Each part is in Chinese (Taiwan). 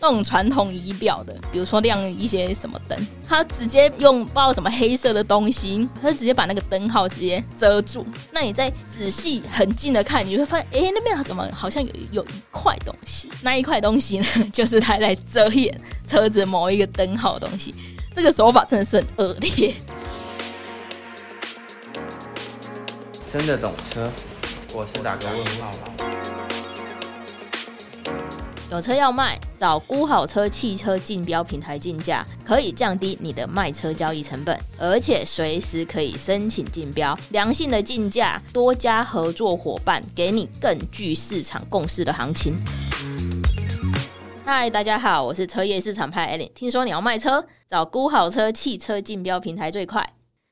那種傳統儀表的，比如說亮一些什麼燈，它直接用包什麼黑色的東西，它直接把那個燈號直接遮住。那你再仔細很近的看，你就會發現，哎、欸，那邊怎麼好像有有一塊東西？那一塊東西呢，就是它在遮掩車子某一個燈號的東西。這個手法真的是很惡劣。真的懂車，我是打個問號。有車要賣，找估好車汽車競標平台競價，可以降低你的賣車交易成本，而且隨時可以申請競標，良性的競價，多家合作夥伴給你更具市場共識的行情。嗨，大家好，我是車業市場派 Elin，聽說你要賣車，找估好車汽車競標平台最快。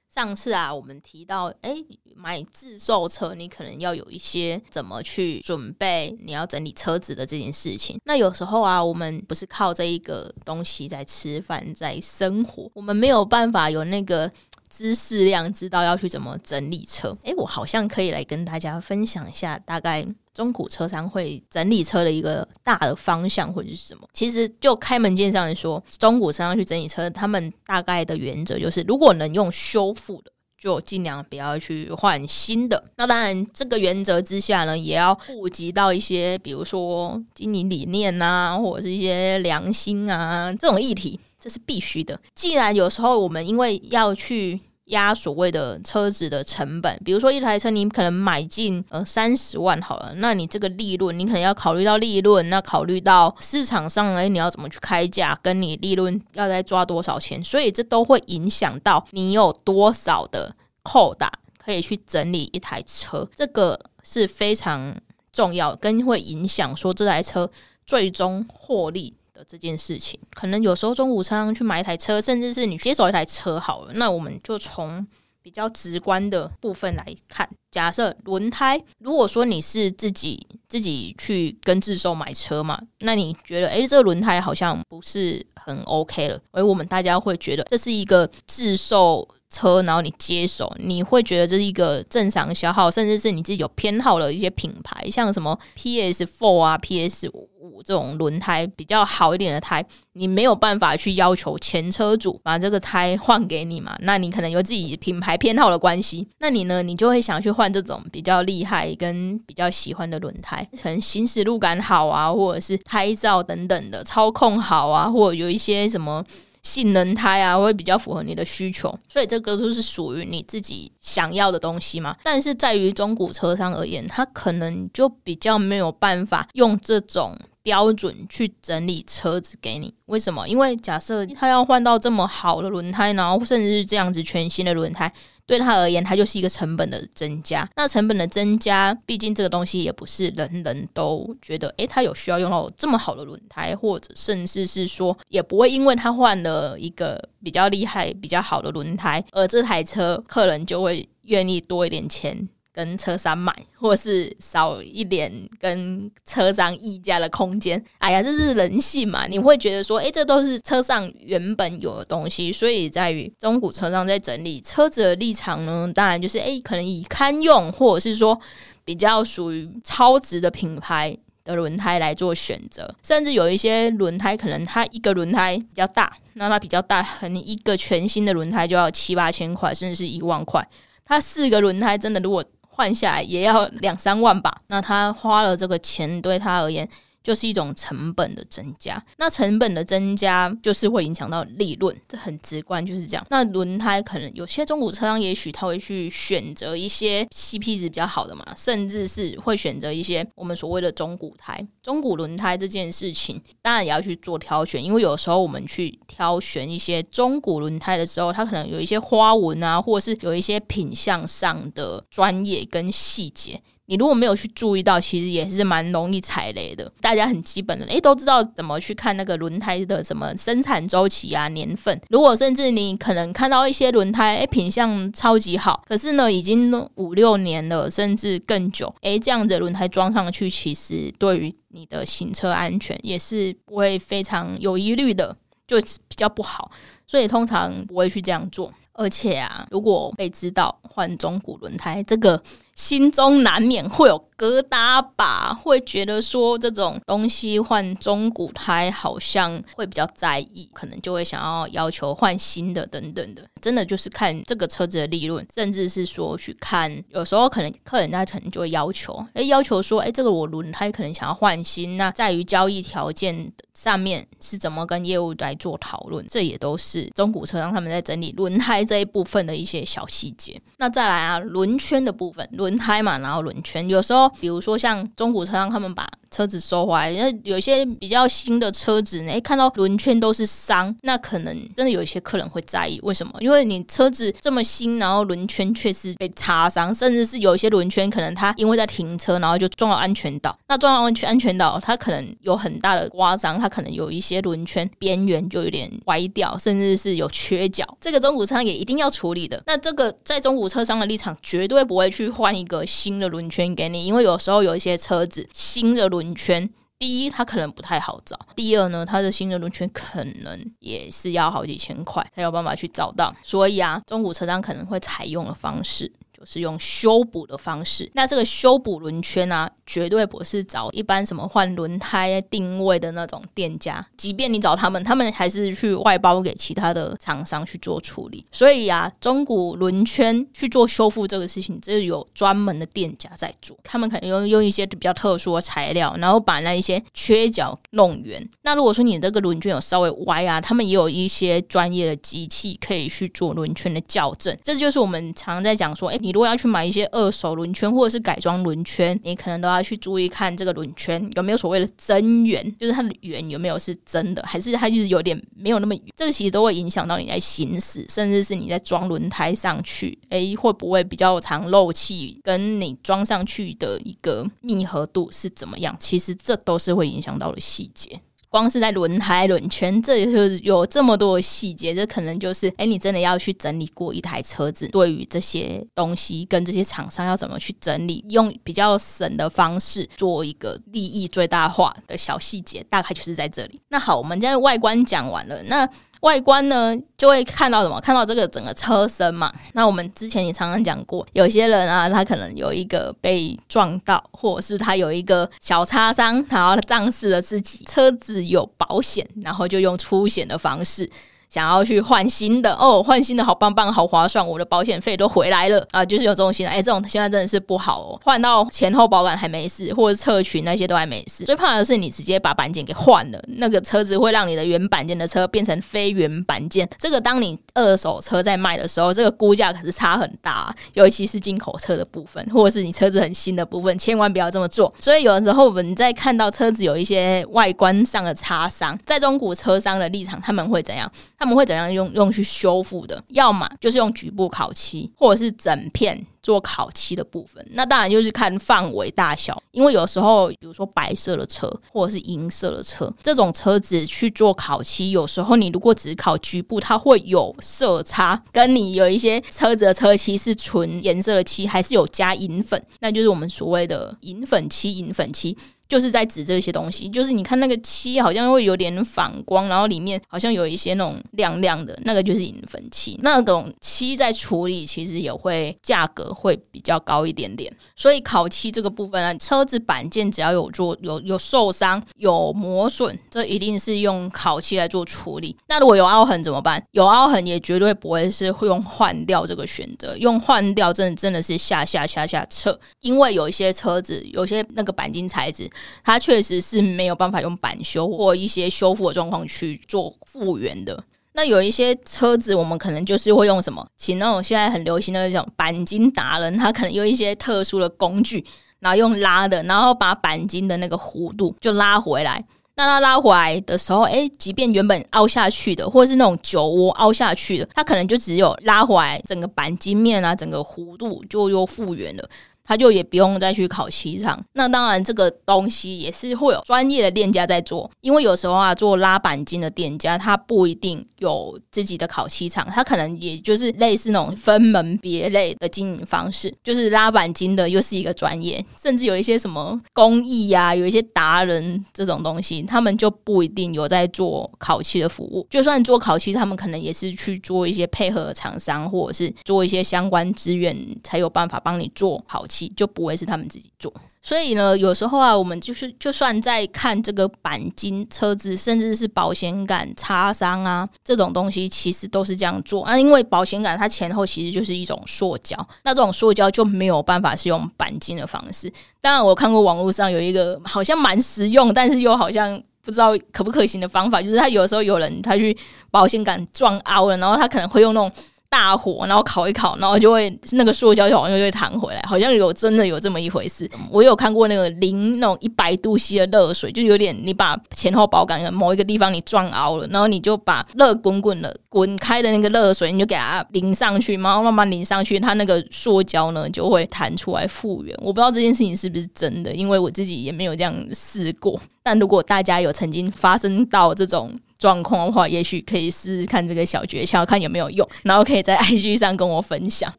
上次啊，我們提到，誒、欸，買自售車，你可能要有一些怎麼去準備，你要整理車子的這件事情。那有時候啊，我們不是靠這一個東西在吃飯，在生活，我們沒有辦法有那個。知識量知道要去怎麼整理車，誒、欸，我好像可以來跟大家分享一下，大概中古車商會整理車的一個大的方向或者是什麼。其實就開門見山的說，中古車商去整理車，他們大概的原則就是，如果能用修復的，就儘量不要去換新的。那當然，這個原則之下呢，也要顧及到一些，比如說經營理念啊，或者是一些良心啊這種議題。這是必須的。既然有時候我們因為要去壓所謂的車子的成本，比如說一台車你可能買進呃三十萬好了，那你這個利潤你可能要考慮到利潤，那考慮到市場上來、哎、你要怎麼去開價，跟你利潤要再抓多少錢，所以這都會影響到你有多少的扣打可以去整理一台車，這個是非常重要，跟會影響說這台車最終獲利。這件事情，可能有時候中古車商去買一台車，甚至是你接手一台車好了。那我們就從比較直觀的部分來看，假設輪胎，如果說你是自己自己去跟自售買車嘛，那你覺得哎、欸，這個輪胎好像不是很 OK 了。而我們大家會覺得這是一個自售車，然後你接手，你會覺得這是一個正常消耗，甚至是你自己有偏好的一些品牌，像什麼 PS4 啊，PS5。PS5 這種輪胎比較好一點的胎，你沒有辦法去要求前車主把這個胎換給你嘛？那你可能有自己品牌偏好的關係，那你呢，你就會想去換這種比較厲害跟比較喜歡的輪胎，可能行駛路感好啊，或者是胎噪等等的操控好啊，或者有一些什麼。性能胎啊，會比較符合你的需求，所以這個就是屬於你自己想要的東西嘛。但是，在於中古車商而言，他可能就比較沒有辦法用這種標準去整理車子給你。為什麼？因為假設他要換到這麼好的輪胎，然後甚至是這樣子全新的輪胎。對他而言，它就是一個成本的增加。那成本的增加，畢竟這個東西也不是人人都覺得，誒，他有需要用到這麼好的輪胎，或者甚至是說，也不會因為他換了一個比較厲害、比較好的輪胎，而這台車客人就會願意多一點錢。跟車商買，或是少一點跟車商議價的空間。哎呀，這是人性嘛，你會覺得說，哎、欸，這都是車上原本有的東西。所以，在於中古車商在整理車子的立場呢，當然就是哎、欸，可能以堪用，或者是說比較屬於超值的品牌的輪胎來做選擇。甚至有一些輪胎，可能它一個輪胎比較大，那它比較大，可能一個全新的輪胎就要七八千塊，甚至是一萬塊。它四個輪胎真的如果換下來也要兩三萬吧，那他花了這個錢，對他而言，就是一種成本的增加，那成本的增加就是會影響到利潤，這很直觀，就是這樣。那輪胎可能有些中古車商也許他會去選擇一些 CP 值比較好的嘛，甚至是會選擇一些我們所謂的中古胎、中古輪胎這件事情，當然也要去做挑選，因為有時候我們去挑選一些中古輪胎的時候，它可能有一些花紋啊，或者是有一些品相上的專業跟細節。你如果沒有去注意到，其實也是蠻容易踩雷的。大家很基本的，欸，都知道怎麼去看那個輪胎的什麼生產週期啊、年份。如果甚至你可能看到一些輪胎，誒、欸、品相超級好，可是呢，已經五六年了，甚至更久。誒、欸，這樣子輪胎裝上去，其實對於你的行車安全也是不會非常有疑慮的，就比較不好。所以通常不會去這樣做。而且啊，如果被知道換中古輪胎這個，心中難免會有疙瘩吧，會覺得說這種東西換中古胎好像會比較在意，可能就會想要要求換新的等等的。真的就是看這個車子的利潤，甚至是說去看，有時候可能客人他可能就會要求，哎、欸，要求說，哎、欸，這個我輪胎可能想要換新，那在於交易條件上面是怎麼跟業務來做討論，這也都是中古車商他們在整理輪胎這一部分的一些小細節。那再來啊，輪圈的部分，輪。輪胎嘛，然後輪圈，有時候比如說像中古車商他們把。車子收回來，因為有一些比較新的車子，一、欸、看到輪圈都是傷，那可能真的有一些客人會在意為什麼？因為你車子這麼新，然後輪圈卻是被擦傷，甚至是有一些輪圈可能它因為在停車，然後就撞到安全島，那撞到安全安全島，它可能有很大的刮傷，它可能有一些輪圈邊緣就有點歪掉，甚至是有缺角，這個中古車商也一定要處理的。那這個在中古車商的立場，絕對不會去換一個新的輪圈給你，因為有時候有一些車子新的輪輪圈，第一，它可能不太好找；第二呢，它的新的輪圈可能也是要好幾千塊才有辦法去找到。所以啊，中古車商可能會採用的方式就是用修補的方式。那這個修補輪圈呢、啊？絕對不是找一般什麼換輪胎定位的那種店家，即便你找他們，他們還是去外包給其他的廠商去做處理。所以啊，中古輪圈去做修復這個事情，這是有專門的店家在做，他們可能用用一些比較特殊的材料，然後把那一些缺角弄圓。那如果說你這個輪圈有稍微歪啊，他們也有一些專業的機器可以去做輪圈的校正。這就是我們常在講說，哎，你如果要去買一些二手輪圈或者是改裝輪圈，你可能都要。要去注意看這個輪圈有沒有所謂的真圓，就是它的圓有沒有是真的，還是它就是有點沒有那麼圓，這個其實都會影響到你在行駛，甚至是你在裝輪胎上去，誒、欸，會不會比較常漏氣，跟你裝上去的一個密合度是怎麼樣？其實這都是會影響到的細節。光是在輪胎、輪圈，這裡就是有這麼多的細節，這可能就是哎、欸，你真的要去整理過一台車子，對於這些東西跟這些廠商要怎麼去整理，用比較省的方式做一個利益最大化的小細節，大概就是在這裡。那好，我們現在外觀講完了，那。外觀呢，就會看到什麼？看到這個整個車身嘛。那我們之前也常常講過，有些人啊，他可能有一個被撞到，或者是他有一個小擦傷，然後他仗勢了自己車子有保險，然後就用出險的方式。想要去換新的哦，換新的好棒棒，好划算，我的保險費都回來了啊！就是有這種心理誒哎、欸，這種現在真的是不好哦。換到前後保桿還沒事，或者側裙那些都還沒事，最怕的是你直接把板件給換了，那個車子會讓你的原板件的車變成非原板件。這個當你二手車在賣的時候，這個估價可是差很大，尤其是進口車的部分，或者是你車子很新的部分，千萬不要這麼做。所以有的時候，我們在看到車子有一些外觀上的擦傷，在中古車商的立場，他們會怎樣？他們會怎樣？用用去修復的，要麼就是用局部烤漆，或者是整片做烤漆的部分。那當然就是看範圍大小，因為有時候，比如說白色的車或者是銀色的車，這種車子去做烤漆，有時候你如果只是烤局部，它會有色差。跟你有一些車子的車漆是純顏色的漆，還是有加銀粉，那就是我們所謂的銀粉漆、銀粉漆。就是在指這些東西，就是你看那個漆好像會有點反光，然後裡面好像有一些那種亮亮的，那個就是銀粉漆。那種漆在處理其實也會價格會比較高一點點。所以烤漆這個部分啊，車子板件只要有做有有受傷、有磨損，這一定是用烤漆來做處理。那如果有凹痕怎麼辦？有凹痕也絕對不會是會用換掉這個選擇，用換掉真的真的是下下下下策，因為有一些車子有一些那個鈑金材質。它確實是沒有辦法用板修或一些修復的狀況去做復原的。那有一些車子，我們可能就是會用什麼？請那種現在很流行的那種鈑金達人，他可能用一些特殊的工具，然後用拉的，然後把鈑金的那個弧度就拉回來。那它拉回來的時候，誒，即便原本凹下去的，或是那種酒窩凹下去的，它可能就只有拉回來，整個鈑金面啊，整個弧度就又復原了。他就也不用再去烤漆廠。那當然，這個東西也是會有專業的店家在做，因為有時候啊，做拉板金的店家，他不一定有自己的烤漆廠，他可能也就是類似那種分門別類的經營方式，就是拉板金的又是一個專業，甚至有一些什麼工藝呀、啊，有一些達人這種東西，他們就不一定有在做烤漆的服務。就算做烤漆，他們可能也是去做一些配合廠商，或者是做一些相關資源，才有辦法幫你做好漆。就不會是他們自己做，所以呢，有時候啊，我們就是就算在看這個鈑金、車子，甚至是保險桿擦傷啊這種東西，其實都是這樣做啊。因為保險桿它前後其實就是一種塑膠，那這種塑膠就沒有辦法是用鈑金的方式。當然，我看過網絡上有一個好像蠻實用，但是又好像不知道可不可行的方法，就是他有時候有人他去保險桿撞凹了，然後他可能會用那種。大火，然後烤一烤，然後就會那個塑膠就好像就會彈回來，好像有真的有這麼一回事。我有看過那個淋那種一百度 C 的熱水，就有點你把前後保桿的某一個地方你撞凹了，然後你就把熱滾滾的滾開的那個熱水，你就給它淋上去，然後慢慢淋上去，它那個塑膠呢就會彈出來復原。我不知道這件事情是不是真的，因為我自己也沒有這樣試過。但如果大家有曾經發生到這種，狀況的話，也許可以試試看這個小訣竅，看有沒有用。然後可以在 IG 上跟我分享。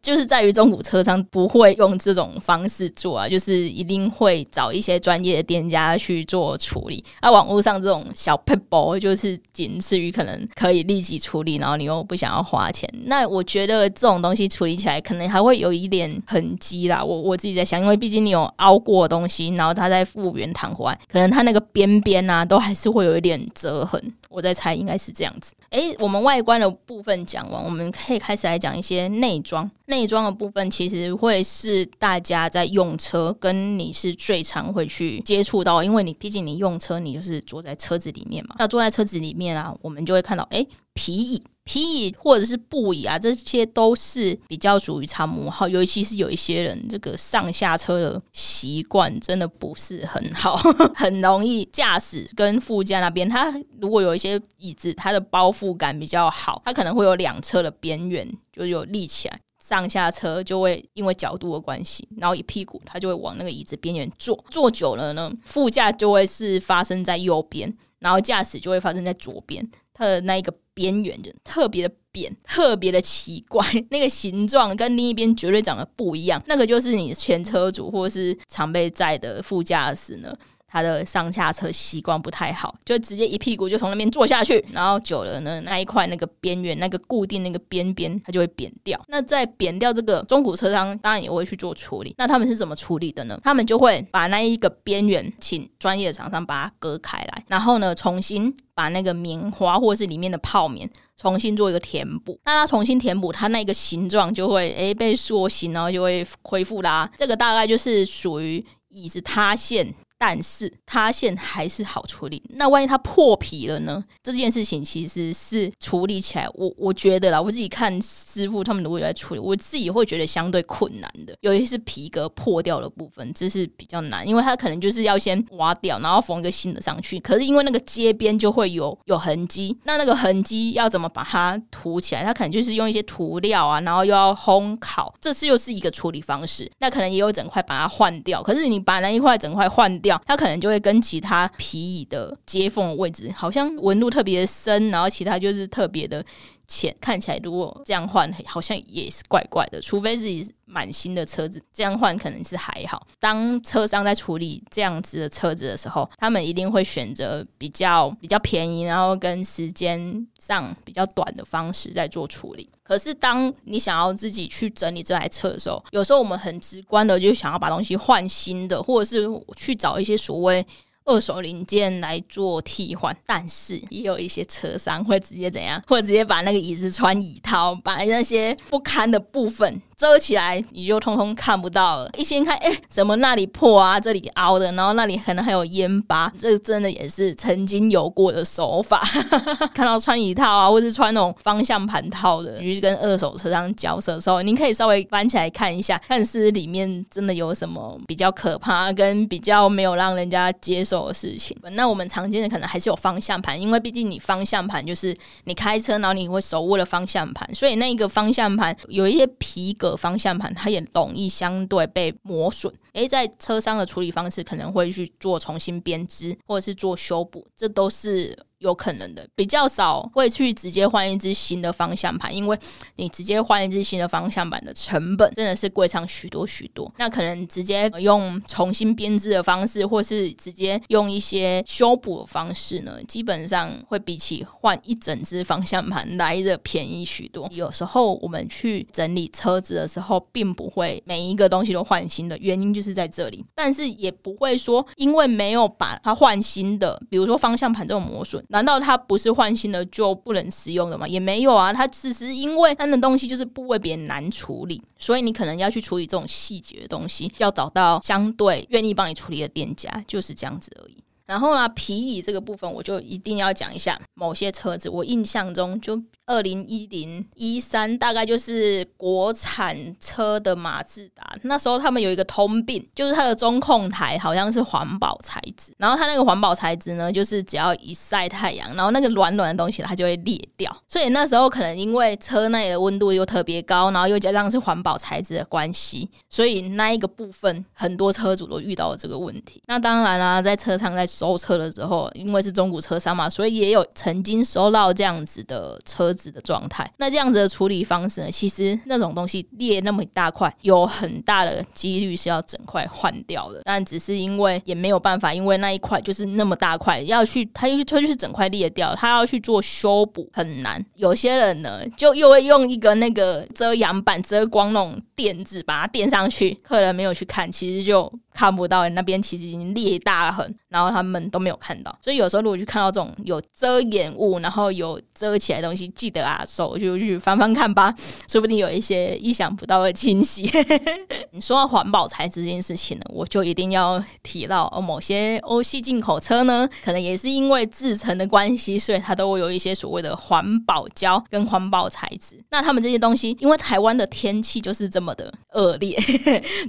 就是在於中古車商不會用這種方式做啊，就是一定會找一些專業的店家去做處理。啊，網路上這種小 p l l 就是僅次於可能可以立即處理，然後你又不想要花錢。那我覺得這種東西處理起來可能還會有一點痕跡啦。我我自己在想，因為畢竟你有凹過的東西，然後它在復原彈簧，可能它那個邊邊啊，都還是會有一點折痕。我在猜應該是這樣子。哎，我們外觀的部分講完，我們可以開始來講一些內裝。內裝的部分其實會是大家在用車跟你是最常會去接觸到，因為你畢竟你用車，你就是坐在車子裡面嘛。那坐在車子裡面啊，我們就會看到哎、欸、皮椅。皮椅或者是布椅啊，這些都是比較屬於常磨耗，尤其是有一些人，這個上下車的習慣真的不是很好，很容易駕駛跟副駕那邊。他如果有一些椅子，它的包覆感比較好，它可能會有兩側的邊緣，就有立起來，上下車就會因為角度的關係，然後一屁股他就會往那個椅子邊緣坐，坐久了呢，副駕就會是發生在右邊。然後駕駛就會發生在左邊，它的那一個邊緣就特別的扁，特別的奇怪，那個形狀跟另一邊絕對長得不一樣。那個就是你前車主或是常被載的副駕駛呢。他的上下車習慣不太好，就直接一屁股就從那邊坐下去，然後久了呢，那一塊那個邊緣、那個固定那個邊邊，它就會扁掉。那在扁掉這個中古車商，當然也會去做處理。那他們是怎麼處理的呢？他們就會把那一個邊緣，請專業的廠商把它割開來，然後呢，重新把那個棉花或者是裡面的泡棉重新做一個填補。那它重新填補，它那個形狀就會誒、欸、被塑形，然後就會恢復啦。這個大概就是屬於椅子塌陷。但是塌陷還是好處理。那萬一它破皮了呢？這件事情其實是處理起來，我我覺得啦，我自己看師傅他們如何來處理，我自己會覺得相對困難的。尤其是皮革破掉的部分，這是比較難，因為他可能就是要先挖掉，然後縫一個新的上去。可是因為那個接邊就會有有痕跡，那那個痕跡要怎麼把它塗起來？它可能就是用一些塗料啊，然後又要烘烤，這是又是一個處理方式。那可能也有整塊把它換掉。可是你把那一塊整塊換掉。它可能就會跟其他皮椅的接縫位置，好像紋路特別的深，然後其他就是特別的，錢看起來，如果這樣換，好像也是怪怪的。除非自己滿新的車子，這樣換可能是還好。當車商在處理這樣子的車子的時候，他們一定會選擇比較比較便宜，然後跟時間上比較短的方式在做處理。可是，當你想要自己去整理這台車的時候，有時候我們很直觀的就想要把東西換新的，或者是去找一些所謂。二手零件來做替換，但是也有一些車商會直接怎樣，會直接把那個椅子穿椅套，把那些不堪的部分。遮起來你就通通看不到了。一掀開，哎、欸，怎麼那裡破啊？這裡凹的，然後那裡可能還有煙疤，這個真的也是曾經有過的手法。 看到穿椅套啊，或是穿那種方向盤套的，你跟二手車商交涉的時候，您可以稍微翻起來看一下，但是裡面真的有什麼比較可怕跟比較沒有讓人家接受的事情。那我們常見的可能還是有方向盤，因為畢竟你方向盤就是你開車，然後你會手握了方向盤，所以那個方向盤有一些皮革。方向盤它也容易相對被磨損，誒，在車商的處理方式可能會去做重新編織或者是做修補，這都是。有可能的，比較少會去直接換一只新的方向盤，因為你直接換一只新的方向盤的成本真的是貴上許多許多。那可能直接用重新編織的方式，或是直接用一些修補的方式呢，基本上會比起換一整只方向盤來的便宜許多。有時候我們去整理車子的時候，並不會每一個東西都換新的，原因就是在這裡。但是也不會說因為沒有把它換新的，比如說方向盤這種磨損。難道它不是換新的就不能使用的嗎？也沒有啊，它只是因為它的東西就是部位比較難處理，所以你可能要去處理這種細節的東西，要找到相對願意幫你處理的店家，就是這樣子而已。然後呢、啊，皮椅這個部分我就一定要講一下。某些車子，我印象中就二零一零一三，大概就是國產車的馬自達。那時候他們有一個通病，就是它的中控台好像是環保材質。然後它那個環保材質呢，就是只要一曬太陽，然後那個軟軟的東西它就會裂掉。所以那時候可能因為車內的溫度又特別高，然後又加上是環保材質的關係，所以那一個部分很多車主都遇到了這個問題。那當然啦、啊，在車上在收車了之後，因為是中古車商嘛，所以也有曾經收到這樣子的車子的狀態。那這樣子的處理方式呢？其實那種東西裂那麼大塊，有很大的幾率是要整塊換掉的。但只是因為也沒有辦法，因為那一塊就是那麼大塊，要去它就它就是整塊裂掉，它要去做修補很難。有些人呢，就又會用一個那個遮陽板遮光那種墊子把它墊上去。客人沒有去看，其實就。看不到、欸、那邊其實已經裂大了很，然後他們都沒有看到，所以有時候如果去看到這種有遮掩物，然後有遮起來的東西，記得啊，手就去，去，去翻翻看吧，說不定有一些意想不到的驚喜。 你說到環保材質這件事情呢，我就一定要提到，某些歐系進口車呢，可能也是因為製程的關係，所以它都會有一些所謂的環保膠跟環保材質。那他們這些東西，因為台灣的天氣就是這麼的惡劣，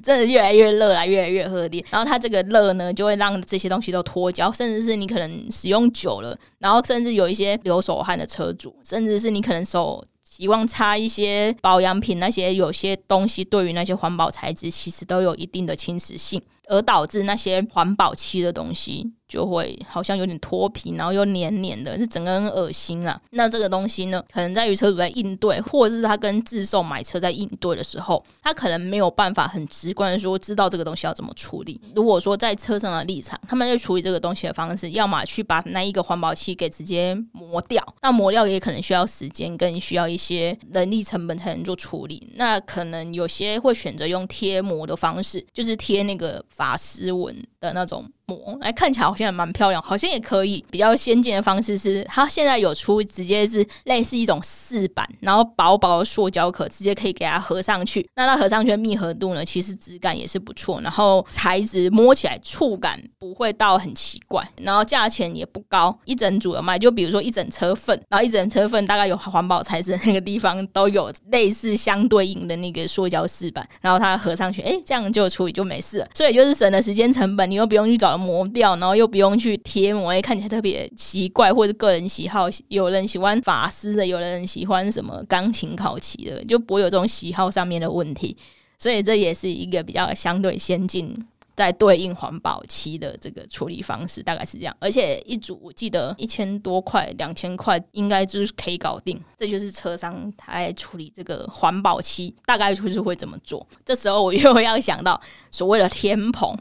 真的越來越熱，啦，越來越熱。然後它這個熱呢，就會讓這些東西都脫膠，甚至是你可能使用久了，然後甚至有一些流手汗的車主，甚至是你可能手希望擦一些保養品，那些有些東西對於那些環保材質其實都有一定的侵蝕性。而導致那些環保漆的東西就會好像有點脫皮，然後又黏黏的，就整個人噁心了。那這個東西呢，可能在於車主在應對，或者是他跟自售買車在應對的時候，他可能沒有辦法很直觀的說知道這個東西要怎麼處理。如果說在車商的立場，他們要處理這個東西的方式，要麼去把那一個環保漆給直接磨掉，那磨掉也可能需要時間，跟需要一些人力成本才能做處理。那可能有些會選擇用貼膜的方式，就是貼那個。法斯文的那種。膜、哎、來看起來好像也蠻漂亮，好像也可以比較先進的方式是，它現在有出直接是類似一種飾板，然後薄薄的塑膠殼，直接可以給它合上去。那它合上去的密合度呢，其實質感也是不錯，然後材質摸起來觸感不會到很奇怪，然後價錢也不高，一整組的賣。就比如說一整車份，然後一整車份大概有環保材質的那個地方都有類似相對應的那個塑膠飾板，然後它合上去，哎、欸，這樣就處理就沒事了，所以就是省了時間成本，你又不用去找。磨掉，然後又不用去貼膜，也看起來特別奇怪，或者個人喜好，有人喜歡髮絲的，有人喜歡什麼鋼琴烤漆的，就不會有這種喜好上面的問題。所以這也是一個比較相對先進，在對應環保漆的這個處理方式，大概是這樣。而且一組我記得一千多塊、兩千塊應該就是可以搞定。這就是車商他處理這個環保漆大概就是會怎麼做。這時候我又要想到所謂的天棚，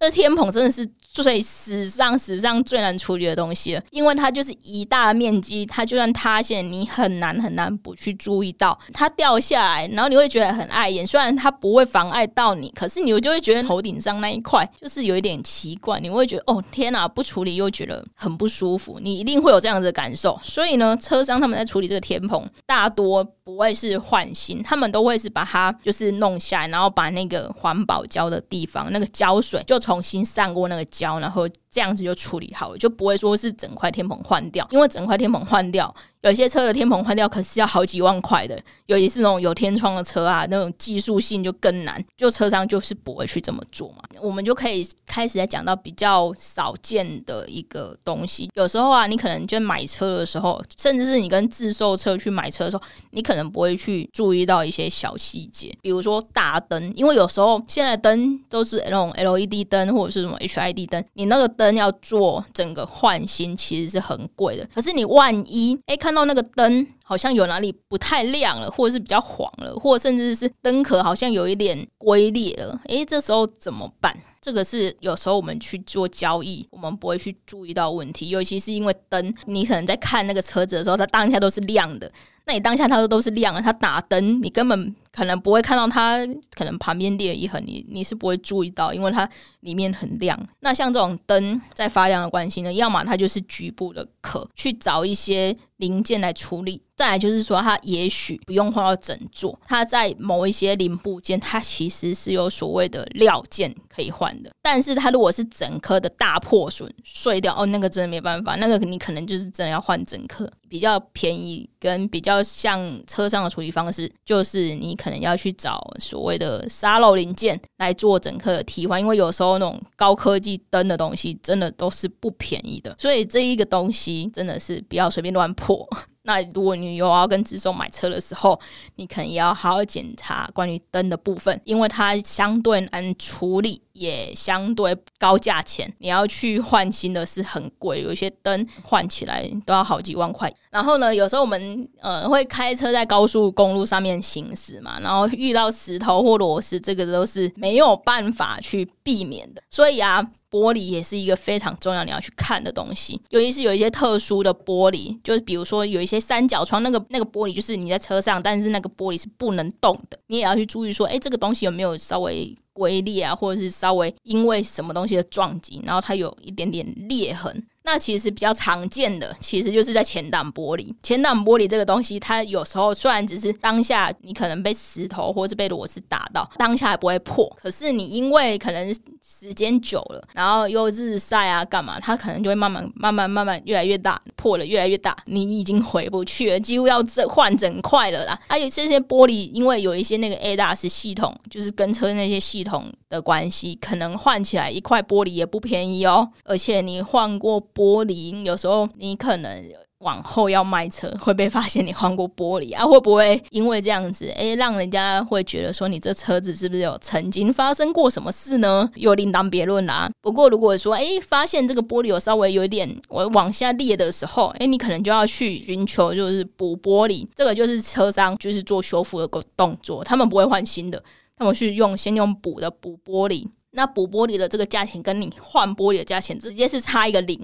那天棚真的是。所以史上史上最難處理的東西了，因為它就是一大面積，它就算塌陷，你很難很難不去注意到它掉下來，然後你會覺得很礙眼。雖然它不會妨礙到你，可是你又就會覺得頭頂上那一塊就是有一點奇怪，你會覺得哦天哪，不處理又覺得很不舒服，你一定會有這樣子的感受。所以呢，車商他們在處理這個天棚，大多不會是換新，他們都會是把它就是弄下來，然後把那個環保膠的地方那個膠水就重新上過那個膠。然後。這樣子就處理好了，就不會說是整塊天棚換掉，因為整塊天棚換掉，有些車的天棚換掉可是要好幾萬塊的，尤其是那種有天窗的車啊，那種技術性就更難，就車商就是不會去這麼做嘛。我們就可以開始來講到比較少見的一個東西，有時候啊，你可能就買車的時候，甚至是你跟自售車去買車的時候，你可能不會去注意到一些小細節，比如說大燈，因為有時候現在燈都是那種 LED 燈或者是什麼 HID 燈，你那個燈。燈要做整個換新，其實是很貴的。可是你萬一哎、欸、看到那個燈好像有哪裡不太亮了，或者是比較黃了，或者甚至是燈殼好像有一點龜裂了，哎、欸，這時候怎麼辦？這個是有時候我們去做交易，我們不會去注意到問題，尤其是因為燈，你可能在看那個車子的時候，它當下都是亮的。那你當下它都都是亮的，它打燈，你根本可能不會看到它，可能旁邊裂一痕，你你是不會注意到，因為它裡面很亮。那像這種燈在發亮的關係呢，要麼它就是局部的殼，去找一些零件來處理；再來就是說，它也許不用換到整座，它在某一些零部件，它其實是有所謂的料件可以換。但是它如果是整顆的大破損碎掉哦，那個真的沒辦法，那個你可能就是真的要換整顆。比較便宜跟比較像車上的處理方式，就是你可能要去找所謂的沙漏零件來做整顆的替換，因為有時候那種高科技燈的東西真的都是不便宜的，所以這一個東西真的是不要隨便亂破。那如果你又要跟自重買車的時候，你可能也要好好檢查關於燈的部分，因為它相對難處理，也相對高價錢。你要去換新的是很貴，有一些燈換起來都要好幾萬塊。然後呢，有時候我們呃會開車在高速公路上面行駛嘛，然後遇到石頭或螺絲，這個都是沒有辦法去避免的。所以啊。玻璃也是一個非常重要你要去看的東西，尤其是有一些特殊的玻璃，就是比如說有一些三角窗，那個那個玻璃就是你在車上，但是那個玻璃是不能動的，你也要去注意說，哎、欸，這個東西有沒有稍微龜裂啊，或者是稍微因為什麼東西的撞擊，然後它有一點點裂痕。那其實比較常見的，其實就是在前擋玻璃。前擋玻璃這個東西，它有時候雖然只是當下你可能被石頭或是被螺絲打到，當下還不會破，可是你因為可能時間久了，然後又日曬啊幹嘛，它可能就會慢慢、慢慢、慢慢越來越大，破了越來越大，你已經回不去了，幾乎要整換整塊了啦。還有這些玻璃，因為有一些那個 ADAS 系統，就是跟車那些系統，的關係，可能換起來一塊玻璃也不便宜哦。而且你換過玻璃，有時候你可能往後要賣車會被發現你換過玻璃啊，會不會因為這樣子，誒、欸，讓人家會覺得說你這車子是不是有曾經發生過什麼事呢？又另當別論啦。不過如果說，誒、欸，發現這個玻璃有稍微有點我往下裂的時候，誒、欸，你可能就要去尋求就是補玻璃，這個就是車商就是做修復的動作，他們不會換新的。那我去用，先用補的補玻璃。那補玻璃的這個價錢跟你換玻璃的價錢直接是差一個零。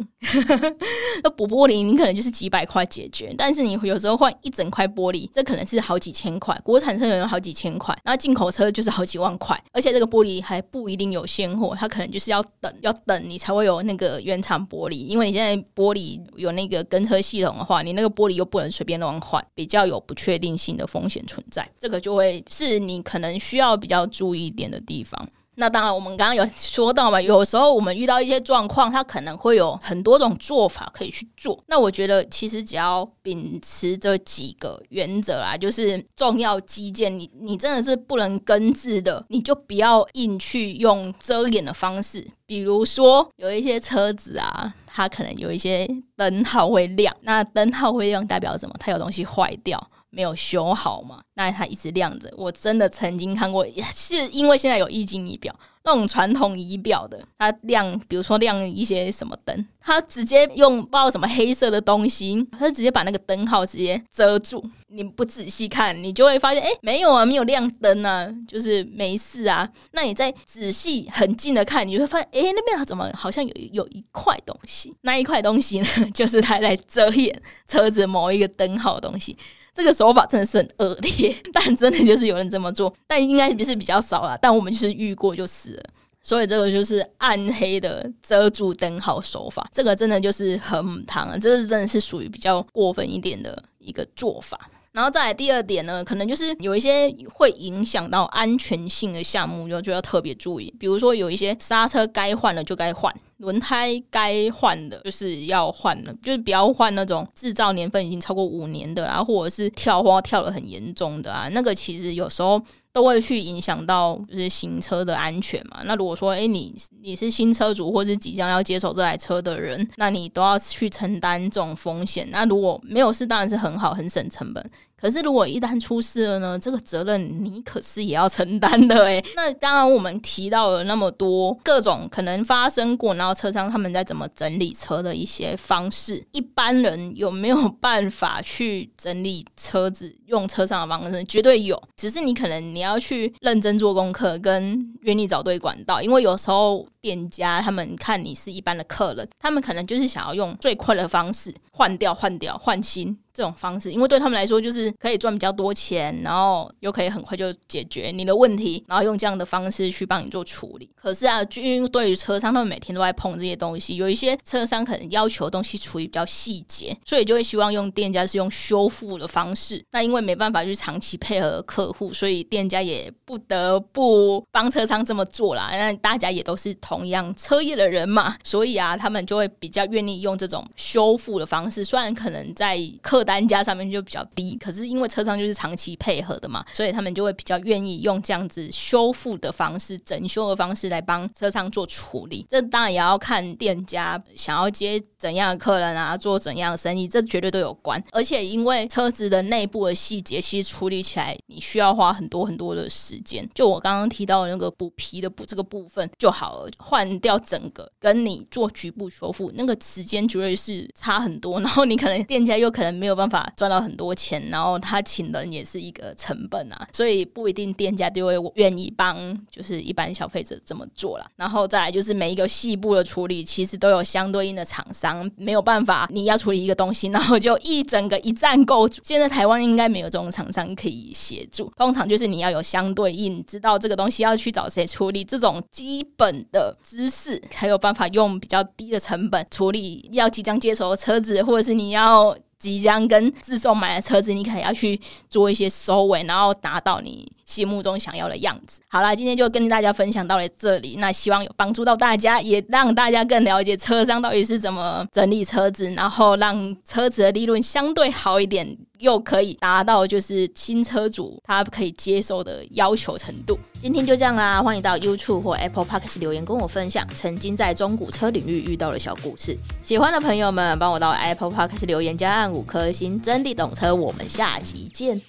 那補玻璃你可能就是幾百塊解決，但是你有時候換一整塊玻璃，這可能是好幾千塊。國產車可能好幾千塊，那進口車就是好幾萬塊。而且這個玻璃還不一定有現貨，它可能就是要等，要等你才會有那個原廠玻璃。因為你現在玻璃有那個跟車系統的話，你那個玻璃又不能隨便亂換，比較有不確定性的風險存在。這個就會是你可能需要比較注意一點的地方。那當然，我們剛剛有說到嘛，有時候我們遇到一些狀況，它可能會有很多種做法可以去做。那我覺得，其實只要秉持這幾個原則啦、啊，就是重要基建，你你真的是不能根治的，你就不要硬去用遮掩的方式。比如說，有一些車子啊，它可能有一些燈號會亮，那燈號會亮代表什麼？它有東西壞掉。沒有修好嘛？那它一直亮着。我真的曾經看過，也是因為現在有液晶儀表，那種傳統儀表的，它亮，比如說亮一些什麼燈，它直接用不知道什麼黑色的東西，它直接把那個燈號直接遮住。你不仔細看，你就會發現，哎，沒有啊，沒有亮燈啊，就是沒事啊。那你再仔細很近的看，你就會發現，哎，那邊怎麼好像有有一塊東西？那一塊東西呢，就是它在遮掩車子某一個燈號的東西。這個手法真的是很惡劣，但真的就是有人這麼做，但應該不是比較少啦。但我們就是遇過就死了，所以這個就是暗黑的遮住燈號手法，這個真的就是很唐啊，這個真的是屬於比較過分一點的一個做法。然後再來第二點呢，可能就是有一些會影響到安全性的項目，就就要特別注意，比如說有一些剎車該換的就該換。輪胎該換的，就是要換了，就是不要換那種製造年份已經超過五年的啊，或者是跳花跳的很嚴重的啊，那個其實有時候都會去影響到就是行車的安全嘛。那如果說，誒、欸，你你是新車主或是即將要接手這台車的人，那你都要去承擔這種風險。那如果沒有事，當然是很好，很省成本。可是，如果一旦出事了呢？這個責任你可是也要承擔的誒、欸，那當然，我們提到了那麼多各種可能發生過，然後車商他們在怎麼整理車的一些方式，一般人有沒有辦法去整理車子？用車商的方式絕對有，只是你可能你要去認真做功課，跟願意找對管道。因為有時候店家他們看你是一般的客人，他們可能就是想要用最快的方式換掉、換掉、換新。這種方式，因為對他們來說，就是可以賺比較多錢，然後又可以很快就解決你的問題，然後用這樣的方式去幫你做處理。可是啊，因為對於車商，他們每天都在碰這些東西，有一些車商可能要求東西處理比較細節，所以就會希望用店家是用修復的方式。那因為沒辦法去長期配合客戶，所以店家也不得不幫車商這麼做啦。那大家也都是同樣車業的人嘛，所以啊，他們就會比較願意用這種修復的方式，雖然可能在客單價上面就比較低，可是因為車商就是長期配合的嘛，所以他們就會比較願意用這樣子修復的方式、整修的方式來幫車商做處理。這當然也要看店家想要接怎樣的客人啊，做怎樣的生意，這絕對都有關。而且因為車子的內部的細節，其實處理起來你需要花很多很多的時間。就我剛剛提到的那個補皮的補這個部分就好了，換掉整個跟你做局部修復，那個時間絕對是差很多。然後你可能店家又可能沒有。有辦法賺到很多錢，然後他請人也是一個成本啊，所以不一定店家就會願意幫。就是一般消費者這麼做啦，然後再來就是每一個細部的處理，其實都有相對應的廠商。沒有辦法，你要處理一個東西，然後就一整個一站購。現在台灣應該沒有這種廠商可以協助，通常就是你要有相對應知道這個東西要去找誰處理這種基本的知識，才有辦法用比較低的成本處理要即將接手的車子，或者是你要。即將跟自重買的車子，你可能要去做一些收尾，然後達到你心目中想要的樣子。好啦，今天就跟大家分享到了這裡，那希望有幫助到大家，也讓大家更了解車商到底是怎麼整理車子，然後讓車子的利潤相對好一點，又可以達到就是新車主他可以接受的要求程度。今天就這樣啦，歡迎到 YouTube 或 Apple Podcast 留言跟我分享曾經在中古車領域遇到的小故事。喜歡的朋友們，幫我到 Apple Podcast 留言加上。五顆星，真的懂車，我們下集見。